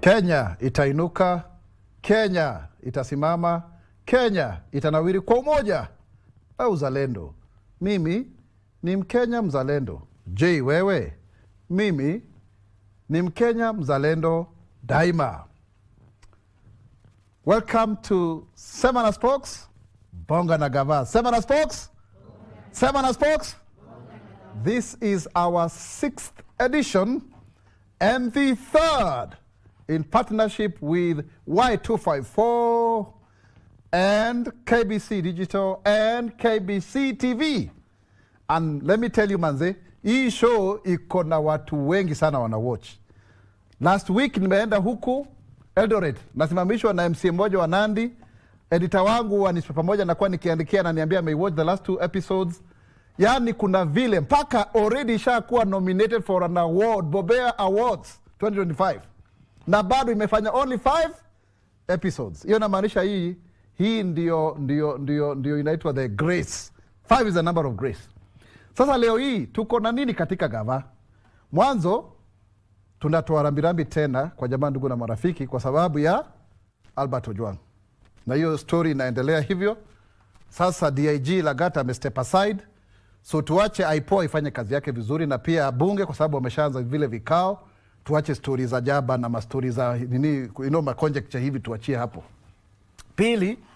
Kenya itainuka, Kenya itasimama, Kenya itanawiri kwa umoja na uzalendo. Mimi ni Mkenya mzalendo. Je, wewe? Mimi ni Mkenya mzalendo daima. Welcome to Sema na Bonga na gava. Sema na Sports, Sema na This is our sixth edition and the third in partnership with Y254 and KBC Digital and KBC TV. And let me tell you manze, hii show iko na watu wengi sana wana watch. Last week nimeenda huku Eldoret, nasimamishwa na MC mmoja wa Nandi, editor wangu wa pamoja moja kuwa nikiandikia, may watch the last two episodes. Yaani kuna vile mpaka already ishakuwa nominated for an award, Bobea Awards 2025 na bado imefanya only five episodes. Hiyo inamaanisha hii hii ndio, ndio, ndio, ndio inaitwa the grace. Five is the number of grace. Sasa leo hii tuko na nini katika gava? Mwanzo tunatoa rambirambi tena kwa jamaa, ndugu na marafiki, kwa sababu ya Albert Ojwang, na hiyo story inaendelea hivyo. Sasa DIG Lagata ame step aside, so tuache IPOA ifanye kazi yake vizuri, na pia bunge, kwa sababu wameshaanza vile vikao tuache stori za jaba na mastori za nini, you know, makonjekcha hivi tuachie hapo. Pili,